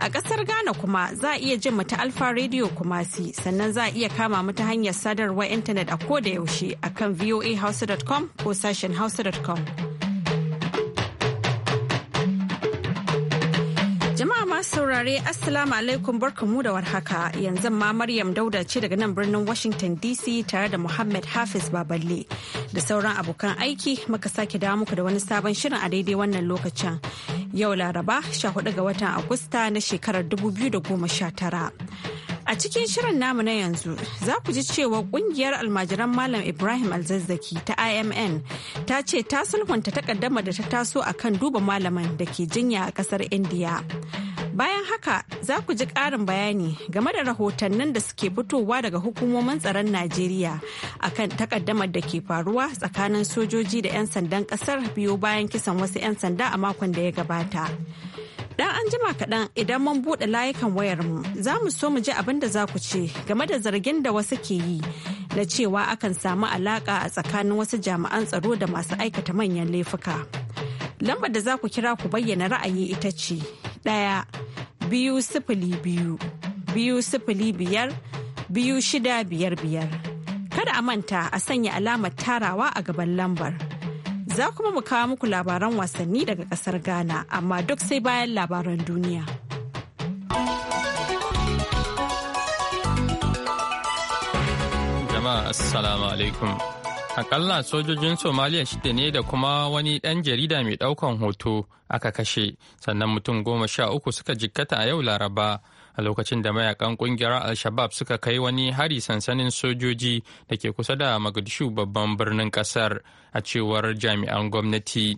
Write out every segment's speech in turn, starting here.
A ƙasar Ghana kuma za a iya jin mu ta Alfa Radio Kumasi sannan za a iya kama mu ta hanyar sadarwar intanet a ko da yaushe a kan voahouse.com ko sashen hausa.com. Jama'a masu saurare Assalamu alaikum mu da warhaka yanzu ma Maryam Dauda ce daga nan birnin Washington DC tare da Muhammad Hafiz Baballe da sauran abokan aiki muka sake dawo muku da wani sabon shirin a daidai wannan lokacin. yau laraba 14 ga watan agusta na shekarar 2019 a cikin shirin namu na yanzu za ku ji cewa kungiyar almajiran malam ibrahim alzazzaki ta imn ta ce ta sulhunta takaddama da ta taso akan duba malaman da ke jinya a kasar indiya Bayan haka za ku ji ƙarin bayani game da rahotannin da suke fitowa daga hukumomin tsaron Najeriya akan takaddamar da ke faruwa tsakanin sojoji da 'yan sandan ƙasar biyu bayan kisan wasu 'yan sanda a makon da ya gabata. Dan an jima kaɗan idan mun buɗe layukan wayarmu za mu so mu ji abin da za ku ce game da zargin da wasu ke yi na cewa akan samu alaƙa a tsakanin wasu jami'an tsaro da masu aikata manyan laifuka. Lambar da za ku kira ku bayyana ra'ayi ita ce ɗaya biyu sifili biyu biyu sifili biyar biyu shida biyar biyar. Kada a manta a sanya alamar tarawa a gaban lambar. Za kuma mu kawo muku labaran wasanni daga kasar Ghana amma duk sai bayan labaran duniya. Jama'a Assalamu alaikum. Akalla sojojin Somaliya shida ne da kuma wani ɗan jarida mai ɗaukan hoto aka kashe, sannan mutum goma sha uku suka jikkata a yau Laraba. A lokacin da mayakan kungiyar Al-Shabab suka kai wani hari sansanin sojoji da ke kusa da magadishu babban birnin kasar a cewar jami'an gwamnati.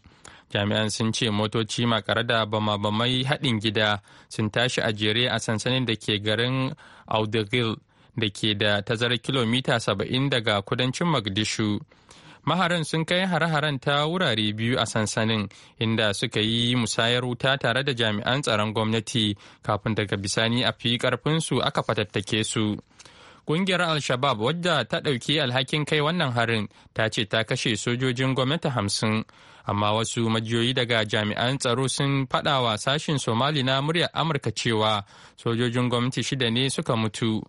Jami'an sun ce motoci makare da bama-bamai haɗin gida sun tashi a jere a sansanin da ke garin audigil da ke da tazarar kilomita saba'in daga kudancin Mogadishu. Maharan sun kai hare-haren ta wurare biyu a sansanin inda suka yi musayar wuta tare da jami'an tsaron gwamnati kafin daga bisani a fi karfinsu aka fatattake su. ƙungiyar Al-Shabab wadda ta ɗauki alhakin kai wannan harin ta ce ta kashe sojojin gwamnati hamsin. amma wasu majiyoyi daga jami'an tsaro sun faɗawa wa sashin somali na muryar amurka cewa sojojin gwamnati shida ne suka mutu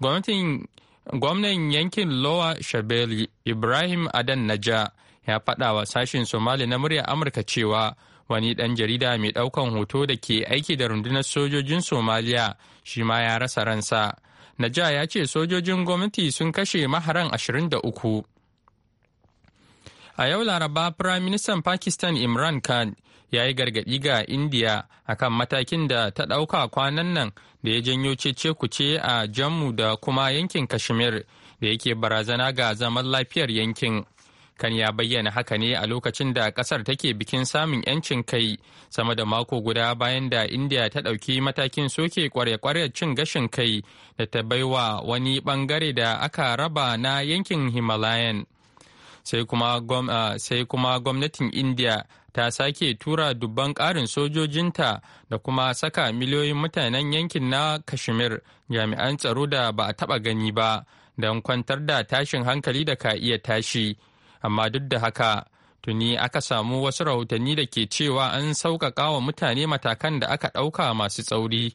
gwamnan yankin lowa shabeli ibrahim adan naja ya faɗa wa sashen somali na murya amurka cewa wani ɗan jarida mai ɗaukan hoto da ke aiki da rundunar sojojin somaliya shi ma ya rasa ransa naja ya ce sojojin gwamnati sun kashe maharan 23 a yau laraba firaministan pakistan imran khan ya yi gargaɗi ga indiya kan matakin da ta ɗauka kwanan nan da ya janyo cece kuce a jammu da kuma yankin kashmir da yake barazana ga zaman lafiyar yankin kan ya bayyana haka ne a lokacin da ƙasar take bikin samun 'yancin kai sama da mako guda bayan da indiya ta ɗauki matakin soke kware-kware cin gashin kai da ta baiwa wani ɓangare da aka raba na yankin himalayan sai kuma gwamnatin india ta sake tura dubban ƙarin sojojinta da kuma saka miliyoyin mutanen yankin na kashmir jami'an tsaro da ba a taɓa gani ba don kwantar da tashin hankali da ka iya tashi amma duk da haka tuni aka samu wasu rahotanni da ke cewa an sauƙaƙa wa mutane matakan da aka ɗauka masu tsauri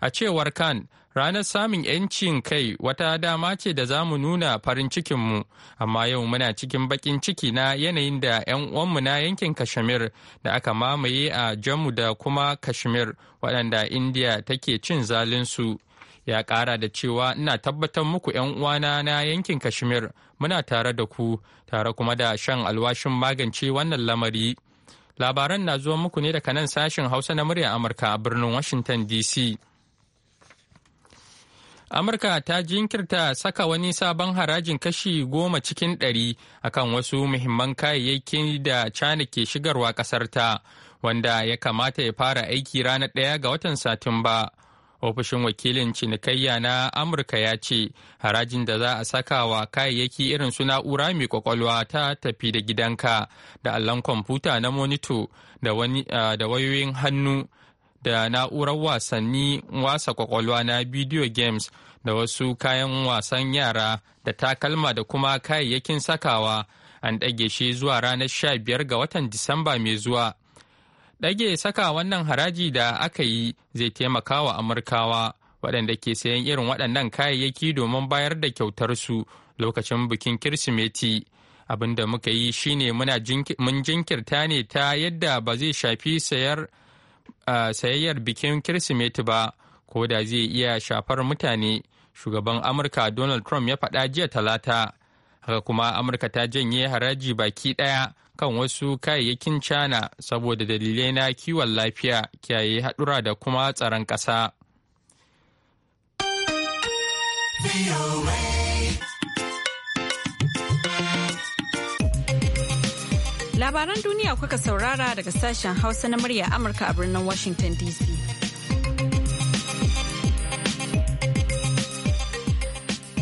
a cewar kan Ranar samun 'yancin kai wata dama ce da za mu nuna farin cikinmu, amma yau muna cikin bakin ciki na yanayin da 'yan uwanmu na yankin Kashmir da aka mamaye a Jammu da kuma Kashmir waɗanda India take cin zalinsu. Ya ƙara da cewa ina tabbatar muku 'yan uwana na yankin Kashmir muna tare da ku, tare kuma da shan alwashin magance wannan lamari. Labaran na zuwa muku ne daga nan sashen Hausa na murya Amurka a birnin Washington DC. Amurka ta jinkirta saka wani sabon harajin kashi goma cikin ɗari a kan wasu muhimman kayayyakin da China ke shigarwa ƙasarta, wanda ya kamata ya fara aiki ranar ɗaya ga watan Satumba. Ofishin wakilin cinikayya na Amurka ya ce, harajin da za a saka wa kayayyaki irin su na'ura mai kwakwalwa ta tafi da gidanka, da allon kwamfuta na monito, da ah, wayoyin hannu. da na'urar wasanni wasa kwakwalwa na video games da wasu kayan wasan yara da takalma da kuma kayayyakin sakawa an ɗage shi zuwa ranar sha biyar ga watan Disamba mai zuwa. Ɗage saka wannan haraji da aka yi zai taimaka wa Amurkawa waɗanda ke sayan irin waɗannan kayayyaki domin bayar da kyautar su lokacin bikin Kirsimeti. Abin da muka yi shine mun jinkirta ne ta yadda ba zai shafi sayar sayayyar bikin Kirsimeti ba, ko da zai iya shafar mutane, shugaban Amurka Donald Trump ya faɗa jiya talata. Haka kuma Amurka ta janye haraji baki ɗaya kan wasu kayayyakin China saboda dalilai na kiwon lafiya, kiyaye haɗura da kuma tsaron ƙasa. Labaran duniya kuka saurara daga sashen Hausa na murya Amurka a birnin Washington DC.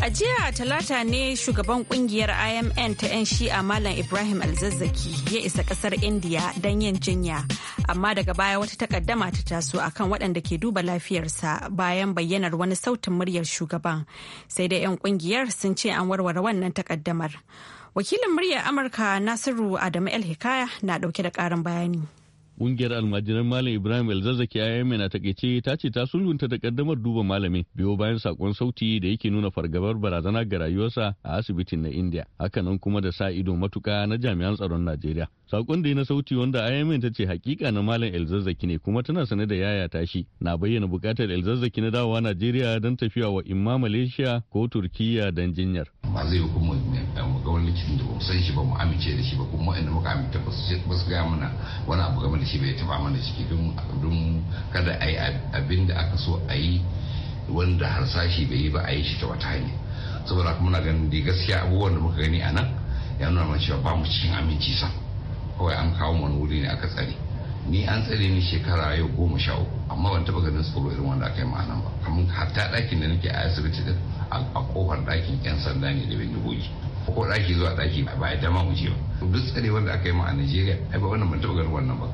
A jiya talata ne shugaban kungiyar IMN ta 'yan shi'a Malam Ibrahim Alzazzaki ya isa kasar India don yin jinya. Amma daga baya wata takaddama ta taso a kan waɗanda ke duba lafiyarsa bayan bayyanar wani sautin muryar shugaban. Sai dai 'yan kungiyar sun ce an warware wannan takaddamar. Wakilin muryar Amurka Nasiru Adamu El Hikaya na dauke da karin bayani. Ƙungiyar almajiran Malam Ibrahim Elzazzaki IMN a takaice ta ce ta da takaddamar duba malamin biyo bayan sakon sauti da yake nuna fargabar barazana ga rayuwarsa a asibitin na India. Hakanan kuma da sa ido matuka na jami'an tsaron Najeriya. Sakon da na sauti wanda IMN ta ce hakika na Malam Elzazzaki ne kuma tana sane da yaya tashi na bayyana bukatar Elzazzaki na dawowa Najeriya don tafiya wa imma Malaysia ko Turkiya don jinyar. Ba zai yi kuma eh, ga wani likitin da ba san shi ba mu amince da shi ba kuma inda muka amince ba su gaya mana wani abu game da shi bai taba mana ciki don kada a yi abin da aka so a yi wanda harsashi bai yi ba a yi shi ta wata hanya saboda kuma na ganin da gaskiya abubuwan da muka gani a nan ya nuna mana cewa ba mu cikin aminci sa. kawai an kawo wani wuri ne aka tsare ni an tsare ni shekara yau goma sha uku amma ban taba ganin tsoro irin wanda aka yi ma'anan ba kamar hatta ɗakin da nake a asibiti din a kofar ɗakin yan sanda ne da bindigogi ko ɗaki zuwa ɗaki ba a dama mu je ba duk tsare wanda aka yi ma a nigeria ai ba wannan ban taba ganin wannan ba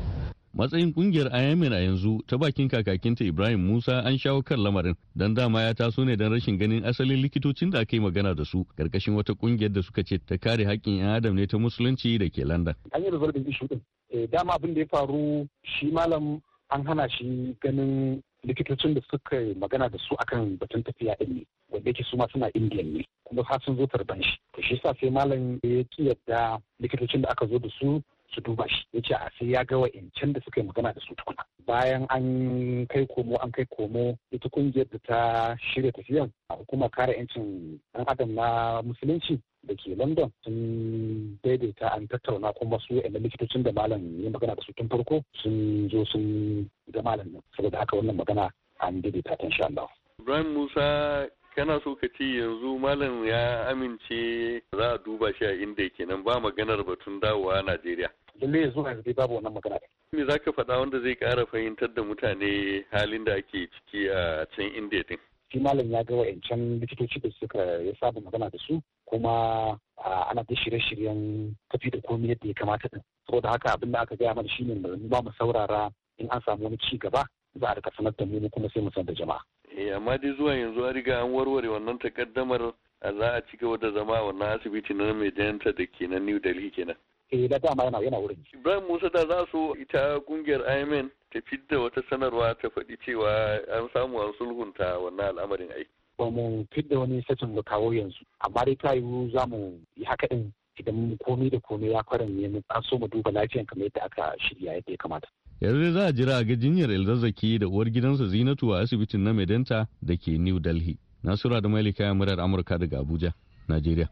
matsayin kungiyar ayamin a yanzu ta bakin kakakinta ibrahim musa an shawo kan lamarin don dama ya taso ne don rashin ganin asalin likitocin da aka yi magana da su karkashin wata kungiyar da suka ce ta kare haƙƙin 'yan adam ne ta musulunci da ke london an yi resolving issue din eh, dama abin da ya faru shi malam an hana shi ganin likitocin da suka yi magana da su akan batun tafiya din ne wanda yake su ma suna indiyan ne kuma har sun zo tarban shi to shi yasa sai malam ya kiyarda yadda likitocin da aka zo da su su duba shi ya ce a sai ya ga wa'incan da suka yi magana da su tukuna bayan an kai komo an kai komo ita kungiyar da ta shirya tafiyan a hukumar kare 'yancin ɗan adam na musulunci da ke london sun daidaita an tattauna kuma su yi likitocin da malam ya magana da su tun farko sun zo sun ga malam nan saboda haka wannan magana an daidaita ta insha Allah. Ibrahim Musa kana so ka ce yanzu malam ya amince za a duba shi a inda yake nan ba maganar batun dawowa Najeriya. lalle zuwa yanzu dai babu wannan magana me za ka faɗa wanda zai ƙara fahimtar da mutane halin da ake ciki a can indiya din shi malam ya ga wa'ancan likitoci da suka ya saba magana da su kuma ana da shirye-shiryen tafi da komai yadda ya kamata din saboda haka abin da aka gaya mana shine mu ba mu saurara in an samu wani ci gaba za a rika sanar da mu kuma sai mu san da jama'a eh amma dai zuwa yanzu an riga an warware wannan takaddamar a za a ci gaba da zama a wannan asibiti na mai janta da ke na New Delhi kenan eh da dama yana yana wurin Ibrahim Musa da za su ita kungiyar IMN ta fidda wata sanarwa ta faɗi cewa an samu an sulhunta wannan al'amarin aiki ba mu fidda wani sacin da kawo yanzu amma dai ta yiwu za mu yi haka din idan komai da komai ya fara ne an so mu duba lafiyan kamar yadda aka shirya yadda ya kamata yanzu za a jira a ga jinyar elzazzaki da uwar gidansa zinatu a asibitin na medenta da ke new delhi nasura da ya murar amurka daga abuja najeriya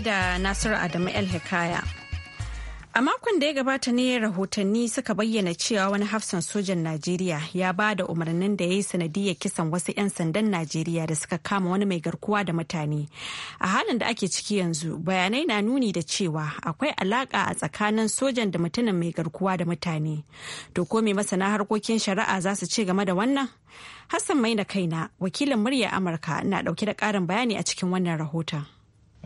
da Nasiru Adamu El Hikaya. A makon da ya gabata ne rahotanni suka bayyana cewa wani hafsan sojan Najeriya ya ba da umarnin da ya yi sanadiyar kisan wasu 'yan sandan Najeriya da suka kama wani mai garkuwa da mutane. A halin da ake ciki yanzu bayanai na nuni da cewa akwai alaka a tsakanin sojan da mutumin mai garkuwa da mutane. To ko me masana harkokin shari'a za su ce game da wannan? Hassan mai na kaina wakilin murya Amurka na ɗauke da ƙarin bayani a cikin wannan rahoton.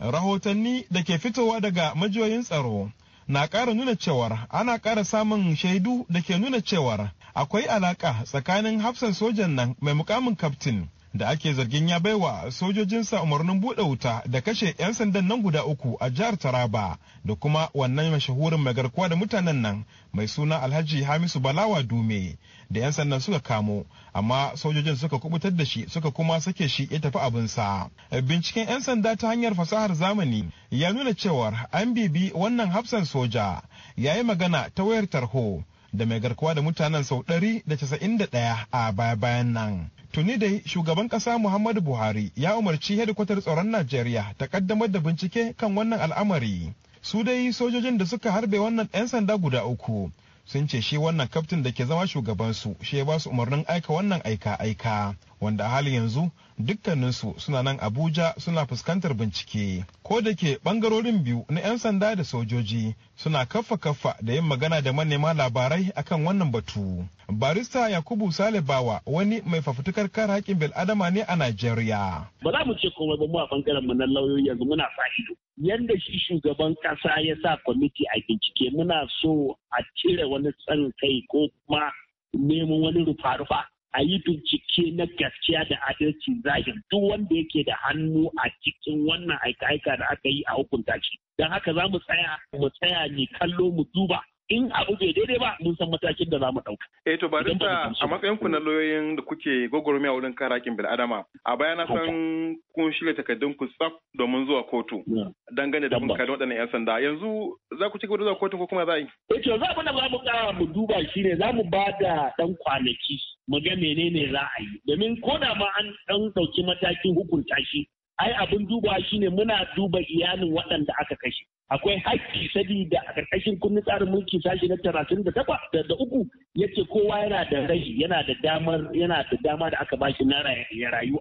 rahotanni da ke fitowa daga majiyoyin tsaro na ƙara nuna cewar ana ƙara samun shaidu da ke nuna cewar akwai alaƙa tsakanin hafsan sojan nan mai mukamin kaftin da ake zargin ya baiwa sojojinsa umarnin buɗe wuta da kashe 'yan sandan nan guda uku a jihar Taraba da kuma wannan mashahurin mai garkuwa da mutanen nan mai suna Alhaji Hamisu Balawa Dume da 'yan sandan suka kamo amma sojojin suka kubutar da shi suka kuma sake shi ya tafi abinsa. Binciken 'yan sanda ta hanyar fasahar zamani ya nuna cewar an bibi wannan hafsan soja ya yi magana ta wayar tarho da mai garkuwa da mutanen sau ɗari da da casa'in ɗaya a baya-bayan nan. Tuni dai shugaban ƙasa Muhammadu Buhari ya umarci hedikwatar tsaron Najeriya ta ƙaddamar da bincike kan wannan al'amari. Su dai sojojin da suka harbe wannan 'yan sanda guda uku sun ce shi wannan kaftin da ke zama shugabansu shi ya ba su umarnin aika wannan aika-aika. wanda a halin yanzu dukkaninsu suna nan abuja suna fuskantar bincike ko da ke bangarorin biyu na 'yan sanda da sojoji suna kafa kafa da yin magana da manema labarai akan wannan batu barista yakubu sale bawa wani mai fafutukar kar haƙƙin bil'adama ne a najeriya ba za mu ce komai ba mu a bangaren mu na lauyoyi yanzu muna sa ido yanda shi shugaban kasa ya sa kwamiti a bincike muna so a cire wani tsan kai ko kuma neman wani rufa-rufa a yi bincike na gaskiya da adalci zahir duk wanda yake da hannu a cikin wannan aika-aika da aka yi a hukunta shi don haka za mu tsaya mu tsaya ne kallo mu duba in abu bai daidai ba mun san matakin da za mu ɗauka. Eh to bari ta a matsayin ku na lauyoyin da kuke a wurin kare hakkin bil'adama a baya na san kun shirya takardun ku tsaf domin zuwa kotu dangane da mun kare waɗannan 'yan sanda yanzu za ku ci gaba da zuwa kotu ko kuma za a yi. Eh to za mu na za mu ƙara mu duba ne za mu ba da ɗan kwanaki mu ga menene za a yi domin ko da ma an ɗan ɗauki matakin hukunta shi ai abin duba shi ne, muna duba iyalin waɗanda aka kashe akwai haƙƙi sabida a ƙarƙashin kundin tsarin mulki sashi na talatin da takwas da uku ya ce kowa yana da rai yana da damar yana da dama da aka bashi na ya rayu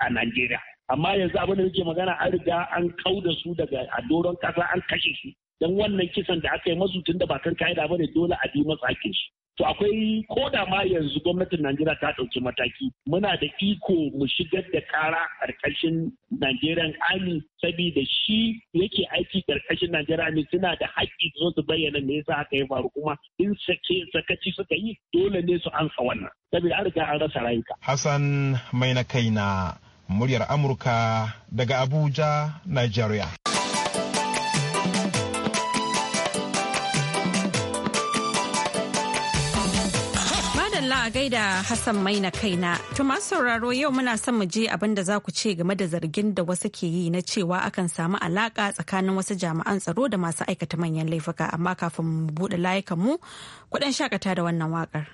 a Najeriya. Amma yanzu abin da nake magana an riga an kau da su daga a doron kasa, an kashe su. Don wannan kisan da aka yi masu tun da ba kan kai ba ne dole a bi masu hakkin shi. To akwai ko ma yanzu gwamnatin Najeriya ta ɗauki mataki muna da iko mu shigar da kara ƙarƙashin Najeriyan Army saboda shi yake aiki ƙarƙashin Najeriya, Army suna da haƙƙi zo su bayyana me yasa haka ya faru kuma in sake sakaci suka yi dole ne su ansa wannan saboda an riga an rasa rayuka. Hassan mai na kaina muryar Amurka daga Abuja, Nigeria. Allah a gaida Hassan Maina kaina. To masu sauraro yau muna son mu je abin da za ku ce game da zargin da wasu ke yi na cewa akan samu alaka tsakanin wasu jami'an tsaro da masu aikata manyan laifuka amma kafin mu buɗe layukan mu kuɗin shakata da wannan waƙar.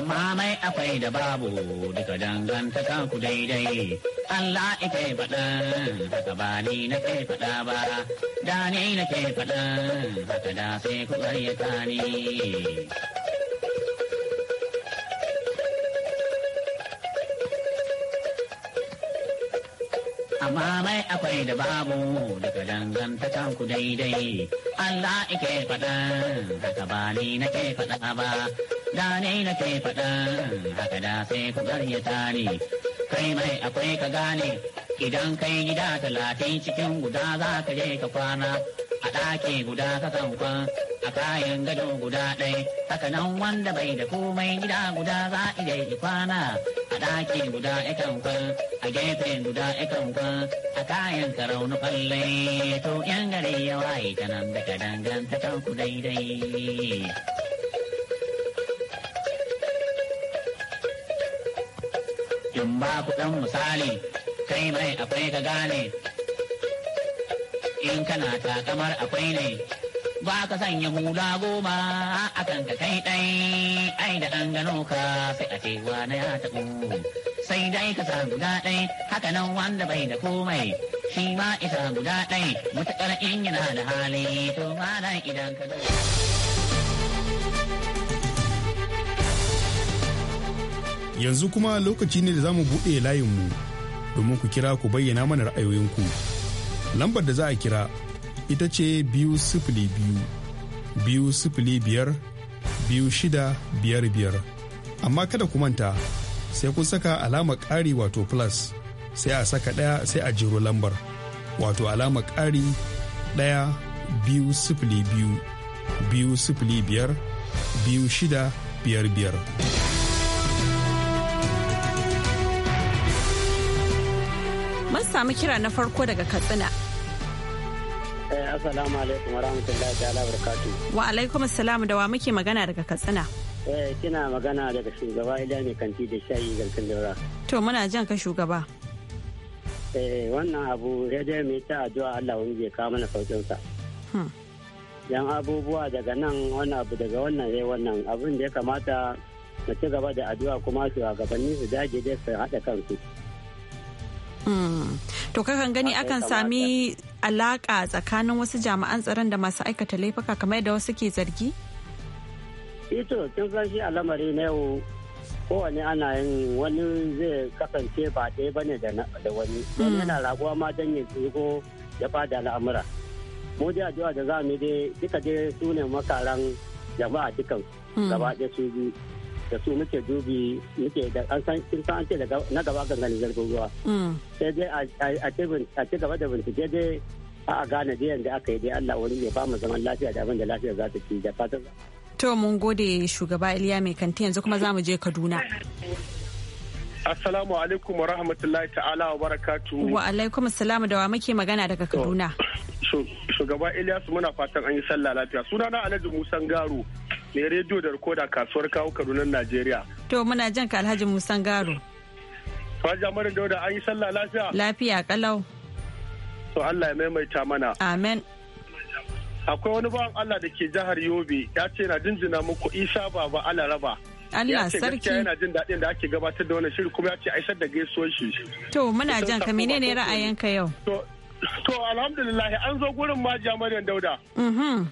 amma mai akwai da babu danganta dangantaka ku daidai. Allah ike faɗa, daga ba ni na ke faɗa ba, da ni na ke faɗa, daga da sai ku ƙaryata ni. amma mai akwai da babu daga dangantakan ku daidai Allah ike faɗa haka ba ni ke faɗa ba da ni ke faɗa haka da sai ku garyata ni kai mai akwai ka gane idan kai gida talatin cikin guda za ka je ka kwana a ɗaki guda ka kan kwana a kayan gado guda ɗai haka nan wanda bai da komai gida guda za a iya kwana a ɗaki guda yakan kwan a gefe guda yakan kwan a kayan karau na falle to yan gare ya waye ta nan da kadan ta ku daidai. In ba ku ɗan misali kai mai akwai ka gane in kana ta kamar akwai ne. ba ka sanya hula goma a kan ka kai ɗai ai da ɗan gano ka sai a ce na ya taɓu sai dai ka sa guda ɗai haka nan wanda bai da komai shi ma isa guda ɗai mutuƙar in yana da hali to ma idan ka Yanzu kuma lokaci ne da za mu buɗe layinmu domin ku kira ku bayyana mana ra'ayoyinku. Lambar da za a kira ita ce biyu sifili biyu biyu sifili biyar biyu shida biyar biyar amma kada ku manta sai kun saka alama ƙari wato plus sai a saka ɗaya sai a jiro lambar wato alama ƙari ɗaya biyu sifili biyu biyu sifili biyar biyu shida biyar biyar. Mun sami kira na farko daga Katsina. Assalamu alaikum warahmatullahi ta'ala barakatuh. Wa alaikum assalam da wa muke magana daga Katsina. Eh kina magana daga shugaba Iliya ne kanti da shayi garkin daura. To muna jan ka shugaba. Eh wannan abu ya dai mai ta addu'a Allah wani zai kawo mana saukin sa. Hmm. Yan abubuwa daga nan wani abu daga wannan zai wannan abin da ya kamata mu ci gaba da addu'a kuma su gabanni su dage dai su haɗa kansu. Hmm. To kakan gani akan sami alaka tsakanin wasu jami'an tsaron da masu aikata laifuka kamar yadda wasu ke zargi? ito eh kin san shi alamari na yau kowane ana yin wani zai kasance ba ɗaya bane da wani hmm. wani yana raguwa ma don ya tsigo ya fada al'amura mu dai addu'a da za mu dai duka dai su ne makaran jama'a dukan hmm. gaba ɗaya su biyu da su muke dubi muke da an san kin san an daga na gaba gangane zargin ruwa mm. sai dai a ci gaba da bincike dai a gane dai yanda aka yi dai Allah wani ya ba mu zaman lafiya da abin da lafiya za ta ci da fatan to mun gode shugaba Iliya mai kanti yanzu kuma za mu je Kaduna Assalamu alaikum wa rahmatullahi ta'ala wa barakatu. Wa alaikum assalamu da wa muke magana daga Kaduna. Shugaba ilyasu muna fatan an yi sallah lafiya. Sunana Alhaji Musa garu. mai rediyo da rikoda kasuwar kawo kaduna najeriya to muna jan ka alhaji musan garo Faja Marin Dauda an yi sallah lafiya? Lafiya kalau. To Allah ya maimaita mana. Amen. Akwai wani bawan Allah da ke jihar Yobe ya ce na jinjina muku Isa Baba Alaraba. Allah sarki. Ya ce yana jin daɗin da ake gabatar da wannan shiri kuma ya ce aisar da gaisuwar shi. To muna jan ka menene ra'ayinka yau? To alhamdulillah an zo gurin ma Maryam Dauda. Mm-hmm.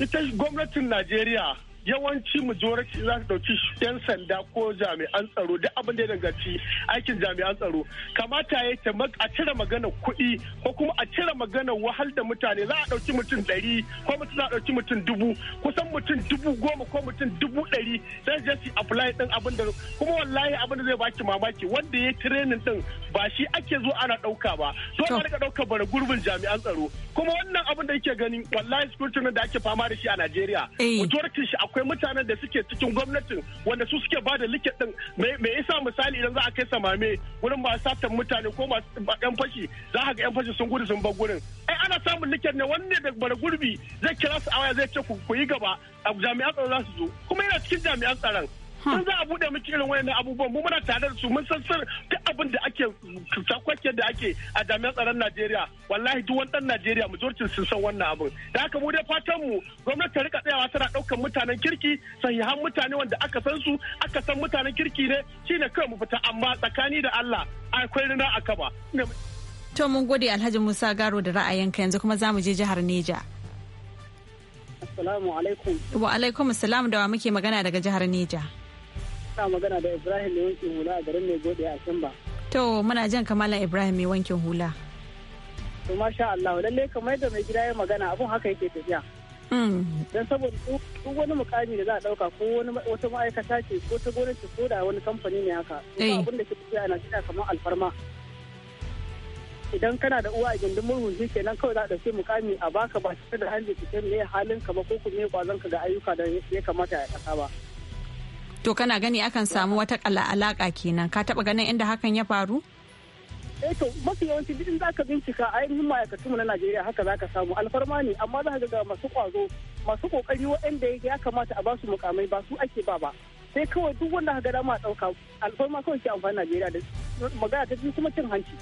ita gwamnatin najeriya yawanci majority za ta dauki yan sanda ko jami'an tsaro duk abin da ya danganci aikin jami'an tsaro kamata ya ce a cire magana kuɗi ko kuma a cire magana wahal da mutane za a dauki mutum ɗari ko mutum za a dauki mutum dubu kusan mutum dubu goma ko mutum dubu ɗari sai je su apply ɗin abin da kuma wallahi abin da zai baki mamaki wanda ya training ɗin, ba shi ake zo ana ɗauka ba dole a rika ɗaukar bara gurbin jami'an tsaro kuma wannan abin da yake gani wallahi security da ake fama da shi a Najeriya eh. majority shi akwai mutanen da suke cikin gwamnatin wanda su suke ba da liket din mai yasa misali idan za a kai samame wurin masu satan mutane ko masu yan fashi za ka ga yan fashi sun gudu sun bar gurin ai ana samun liket ne wanne da bar gurbi zai kira su a waya zai ce ku yi gaba a jami'an tsaro za su zo kuma yana cikin jami'an tsaron sun za a bude miki irin na abubuwan mu muna tare da su mun san sir ta abin da ake takwakiyar da ake a jami'an tsaron Najeriya wallahi duk wani dan Najeriya majority sun san wannan abin da haka mu dai fatan mu gwamnati ta rika tsayawa tana daukan mutanen kirki sahihan mutane wanda aka san su aka san mutanen kirki ne shine kai mu fita amma tsakani da Allah akwai rina a kaba to mun gode Alhaji Musa Garo da ra'ayinka yanzu kuma zamu je jihar Neja Assalamu alaikum. Wa alaikum assalam da wa muke magana daga jihar Neja. Ina magana da Ibrahim mai wankin hula a garin mai gode a Simba. To muna jan kamala Ibrahim mai wankin hula. To masha Allah lalle kamar da mai gida ya magana abun haka yake tafiya. Mm. Don saboda duk wani mukami da za a dauka ko wani wata ma'aikata ce ko ta gwamnati ko da wani kamfani ne haka. Eh. Abun da ke tafiya na tafiya kamar alfarma. idan kana da uwa a gindin murhun shi kenan kawai za a ɗauki mukami a baka ba tare da hanji ta ne halin ka ba ko kuma kwazon ka ga ayyuka da ya kamata ya ƙasa ba. To kana gani akan samu wata alaka kenan ka taba ganin inda hakan ya faru? eh to mafi yawanci bidin za ka bincika a ainihin ma'aikatu na Najeriya haka za ka samu alfarma ne amma za ka ga masu kwazo masu kokari waɗanda ya kamata a basu mukamai ba su ake ba ba sai kawai duk wanda ka ga dama ɗauka alfarma kawai ke amfani Najeriya da magana ta kuma cin hanci.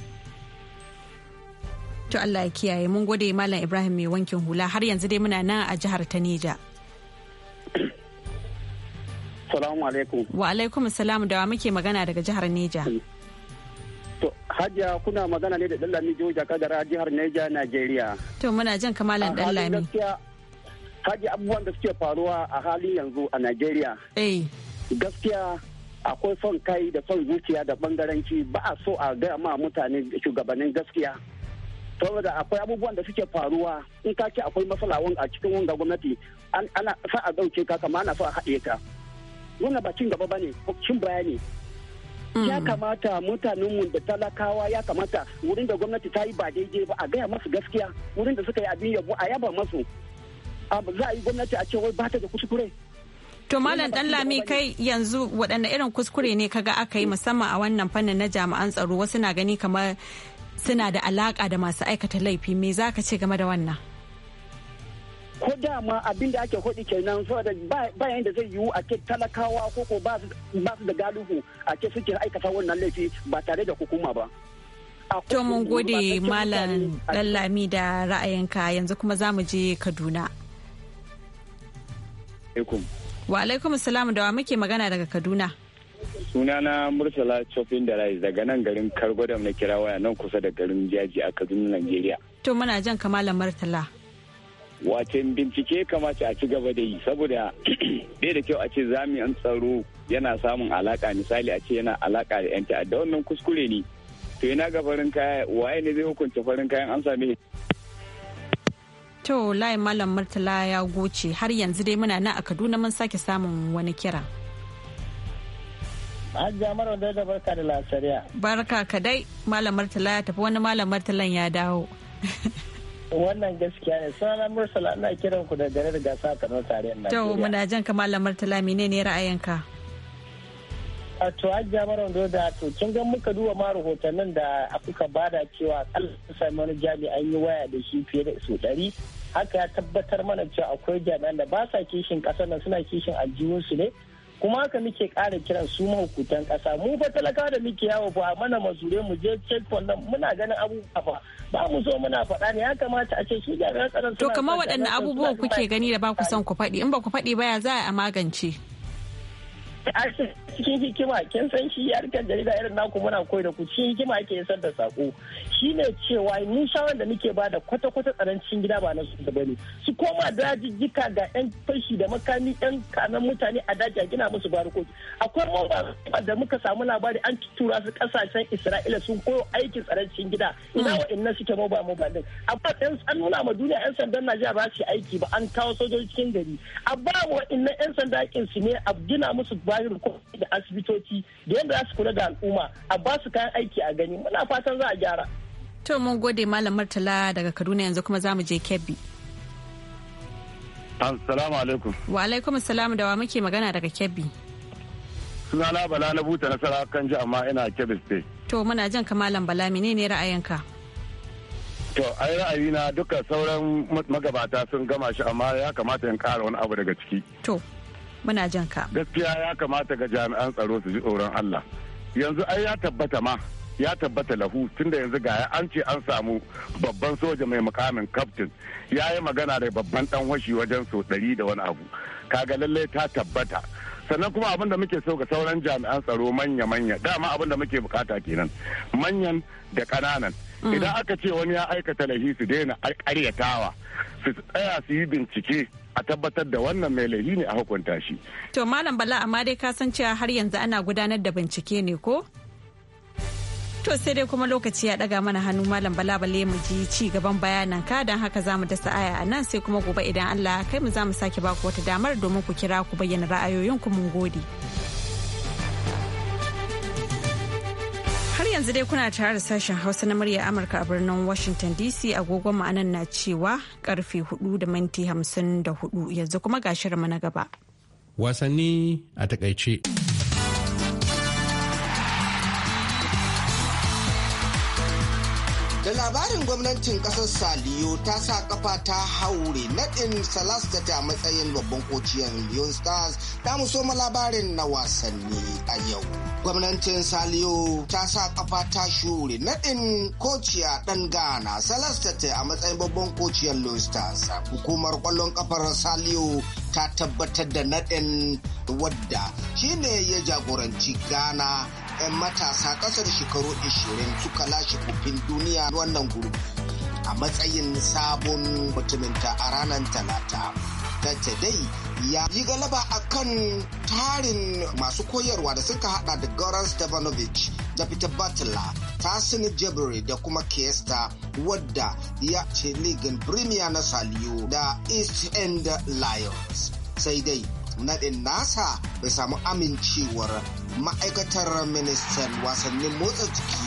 To Allah ya kiyaye mun gode Malam Ibrahim mai wankin hula har yanzu dai muna nan a jihar ta Neja. Salamu alaikum. Wa alaikum salamu da muke magana daga jihar Neja. To Hajiya kuna magana ne da Dallami Joja kagara jihar Neja Najeriya. To muna jan kamalan Dallami. Haji abubuwan da suke faruwa a halin yanzu a Najeriya. Eh. Gaskiya akwai son kai da son zuciya da bangaranci ba a so a gaya ma mutane shugabannin gaskiya. saboda akwai abubuwan da suke faruwa in ka akwai matsalawan a cikin wanga gwamnati ana sa a dauke ka kama ana so a haɗe ka. wannan ba cin gaba ba ne cin baya mm. ya kamata mutanenmu da talakawa ya kamata wurin da gwamnati ta yi ba daidai ba a gaya masu gaskiya wurin da suka yi abin yabo a yaba masu za a yi gwamnati a ce wai ba ta da kuskure To Malam Dan Lami kai yanzu waɗanne irin kuskure ne kaga aka yi musamman a wannan fannin na jami'an tsaro wasu na gani kamar suna da alaka da masu aikata laifi me za ka ce game da wannan? ko dama abin da ake hudu kenan da ba da zai yiwu a ke talakawa ko ko ba su da galuhu a ke suke aikata wannan laifi ba tare da hukuma ba. To mun gode Malam Lallami da ra'ayinka yanzu kuma za mu je Kaduna. Wa alaikum salam da wa muke magana daga Kaduna. Sunana Murtala Chopin da Rai daga nan garin Kargodam na kira waya nan kusa da garin Jaji a Kaduna Nigeria. To muna jan malam Murtala. wacin bincike kamata a ci gaba da yi saboda bai da kyau a ce zami'an tsaro yana samun alaka misali a ce yana alaka da 'yan ta'adda wannan kuskure ne to yana ga farin kaya waye ne zai hukunta farin kayan an same to lai malam murtala ya goce har yanzu dai muna nan a kaduna mun sake samun wani kira Hajiya Mara da da barka da lasariya. Barka kadai Malam Murtala ya tafi wani Malam martalan ya dawo. Wannan gaskiya ne sunana Mursala ana kiran ku da garin gasa nan tare na. To muna jan ka lami ne ne ra'ayinka? A to mara wando da to kin ga muka duba ma rahotannin da aka bada cewa kallon sami wani jami'an yi waya da shi fiye da su dari haka ya tabbatar mana cewa akwai jami'an da ba sa kishin kasar nan suna kishin aljihunsu ne kuma haka muke ƙara kiran su mahukutan ƙasa mu fa talaka da muke yawo fa mana mazure mu je checkpoint nan muna ganin abubuwa fa ba mu so muna faɗa ne ya kamata a ce su jami'an tsaron to kamar waɗanne abubuwa kuke gani da ba ku son ku faɗi in ba ku faɗi ba ya za a magance cikin hikima kin san shi harkar jarida irin naku muna koyi da ku cikin hikima ake isar da sako shine cewa ni shawar da muke ba da kwata kwata tsarancin gida ba na su da bane su koma dajijjika ga yan fashi da makami yan kanan mutane a daji a gina musu barkoki akwai mawar da muka samu labari an tura su kasashen isra'ila sun koyo aikin tsarancin gida ina hmm. wa inna suke mobile mobile din amma an nuna ma duniya yan sandan najeriya ba su aiki ba an kawo sojoji cikin gari a ba inna yan sanda aikin su ne a gina musu ba tsarin da asibitoci da yadda za su kula da al'umma a ba su kayan aiki a gani muna fatan za a gyara. To mun gode Malam Murtala daga Kaduna yanzu kuma za mu je Kebbi. Assalamu alaikum. Wa alaikum assalam da wa muke magana daga Kebbi. Sunana Bala na buta nasara kan ji amma ina Kebbi State. To muna jan ka Malam Bala menene ra'ayinka? To ai ra'ayina duka sauran magabata sun gama shi amma ya kamata in kara wani abu daga ciki. To. muna jan ka gaskiya ya kamata ga jami'an tsaro su ji tsoron Allah yanzu ai ya tabbata ma ya tabbata lahu tunda yanzu ga an ce an samu babban soja mai mukamin kaftin ya yi magana da babban dan washi wajen so ɗari da wani abu kaga lallai ta tabbata sannan kuma abin da muke so ga sauran jami'an tsaro manya-manya dama abin da muke bukata kenan manyan da kananan mm. idan aka ce wani ya aikata laifi su daina karyatawa su tsaya su yi bincike a tabbatar da wannan mai laifi ne a hukunta shi to malam bala amma dai ka san cewa har yanzu ana gudanar da bincike ne ko To sai dai kuma lokaci ya daga mana hannu malam balabale mu ji ci gaban bayanan ka dan haka zamu mu dasa aya a nan sai kuma gobe idan Allah ya kai mu zamu mu sake baku wata damar domin ku kira ku bayyana ra'ayoyinku mun gode. Har yanzu dai kuna tare da sashen Hausa na murya Amurka a birnin Washington DC agogon ma'anan na cewa karfe 4 da minti yanzu kuma ga na gaba. Wasanni a takaice. Da labarin gwamnatin kasar Saliyo ta sa kafa ta haure nadin Salasta a matsayin babban kociyar leon Stars ta ma labarin na wasanni a yau. Gwamnatin Saliyo ta sa kafa ta shure nadin kociya dan Ghana Salasta a matsayin babban kociyar leon Stars. Hukumar kwallon kafar Saliyo ta tabbatar da nadin wadda shine ya jagoranci Ghana 'yan matasa ƙasar shekaru 20 suka lashe kofin duniya wannan gurbi a matsayin sabon mutuminta a ranar talata ta dai ya yi galaba a kan tarin masu koyarwa da suka hada da goran stefanovic da peter butler tasin jebri da kuma kesta wadda ya ce ligin premier na saliyo da east end lions sai dai naɗin nasa bai samu amincewar ma'aikatar ministan wasannin motsa jiki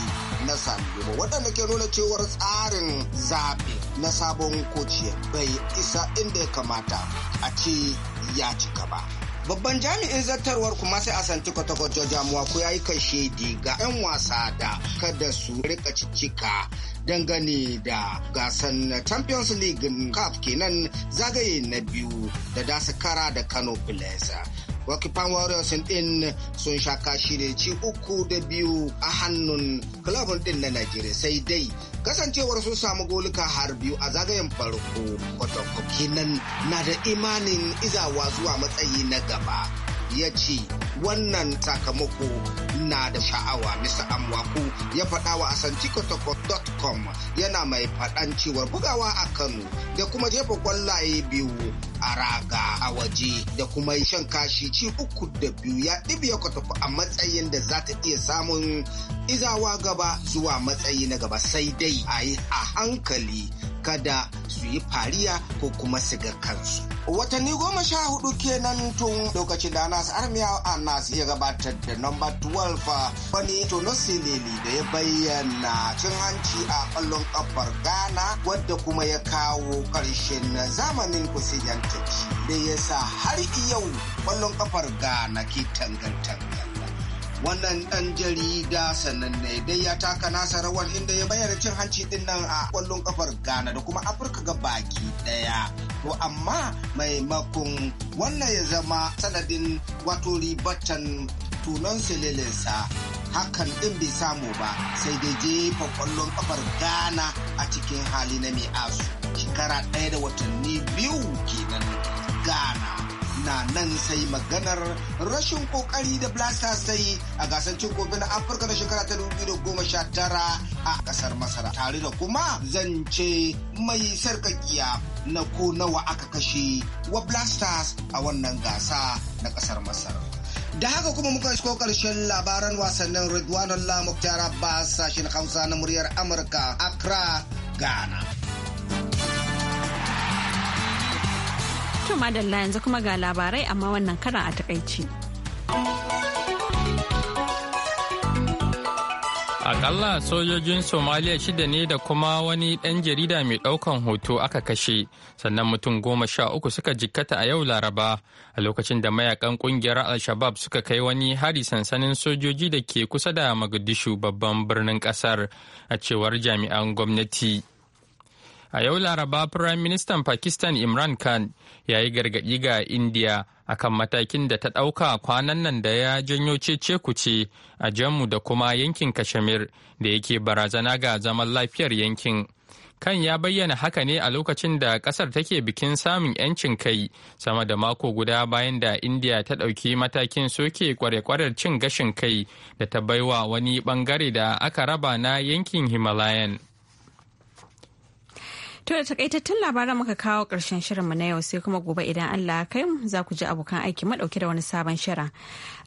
na sandu ba waɗanda ke nuna cewar tsarin zaɓe na sabon kociya bai isa inda ya kamata a ce ya cika ba. Babban jami'in zartarwar kuma sai a santi kwatakwato jamuwa ku yayi kashe ga 'yan wasa da kada su rika cicika dangane da gasan Champions League cup kenan zagaye na biyu da dasa kara da Kano Blazer. Wakipan Warriors din sun sha kashi da ci uku da biyu a hannun kulabun din na Najeriya sai dai kasancewar sun samu golika har biyu a zagayen farko. Kwatankwaki nan na da imanin izawa zuwa matsayi na gaba. ya ce wannan sakamako na da sha'awa Mr. Amwaku ya faɗa wa asantikotoko.com yana mai faɗan cewar bugawa a Kano da kuma jefa kwallaye biyu a raga a waje da kuma shan kashi ci uku da biyu ya ɗibiya kwatakwa a matsayin da za ta iya samun izawa gaba zuwa matsayi na gaba sai dai a yi a hankali kada su yi fariya ko kuma su ga kansu. Watanni goma sha hudu kenan tun lokacin da Anas Armiya Anas ya gabatar da namba 12 uh, wani tono sinili da ya bayyana cin hanci a kwallon kafar Ghana wadda kuma ya kawo ƙarshen zamanin kusiyantaci da ya sa har yau ƙwallon kafar Ghana ke tangantanga. wannan dan jarida sananne dai ya taka nasa rawar inda ya bayyana cin hanci din nan a kwallon kafar ghana da kuma afirka ga baki daya to amma maimakon wannan ya zama sanadin wato ribatan tunan sa hakan din bai samu ba sai dai jefa kwallon kafar ghana a cikin hali na mai asu shekara ɗaya da watanni biyu kenan ghana na nan sai maganar rashin kokari da blaster sai a gasar cin kofi na afirka na shekara ta da goma sha tara a kasar Masara. tare da kuma zance mai sarkakiya na ko nawa aka kashe wa blasters a wannan gasa na kasar masar da haka kuma muka isko karshen labaran wasannin ridwanullah muktar abbas sashen hausa na muryar amurka accra ghana To madalla yanzu kuma ga labarai amma wannan karan a takaici. Akalla sojojin Somaliya shida ne da kuma wani ɗan jarida mai ɗaukan hoto aka kashe, sannan mutum goma sha uku suka jikkata a yau Laraba, a lokacin da mayakan ƙungiyar Al-Shabab suka kai wani hari sansanin sojoji da ke kusa da magadishu babban birnin ƙasar, a cewar jami'an gwamnati. A yau Laraba Firayim Ministan Pakistan Imran Khan ya yi gargaɗi ga India akan matakin da ta ɗauka kwanan nan da ya janyo cece kuce a Jammu da kuma yankin Kashmir da yake barazana ga zaman lafiyar yankin. Kan ya bayyana haka ne a lokacin da ƙasar take bikin samun 'yancin kai sama da mako guda bayan da India ta ɗauki matakin soke kware-kwarar cin gashin kai da ta baiwa wani bangare da aka raba na yankin Himalayan. To da takaitattun labaran muka kawo ƙarshen shirinmu na yau sai kuma gobe idan Allah ya kai za ku ji abokan aiki madauke da wani sabon shirin.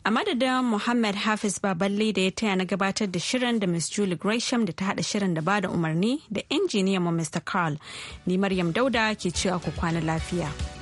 A madadin Muhammad Hafiz Baballe da ya taya na gabatar da shirin da Miss Julie Gresham da ta haɗa shirin da bada umarni da injiniyan mu Mr. Carl. Ni Maryam Dauda ke cewa ku kwana lafiya.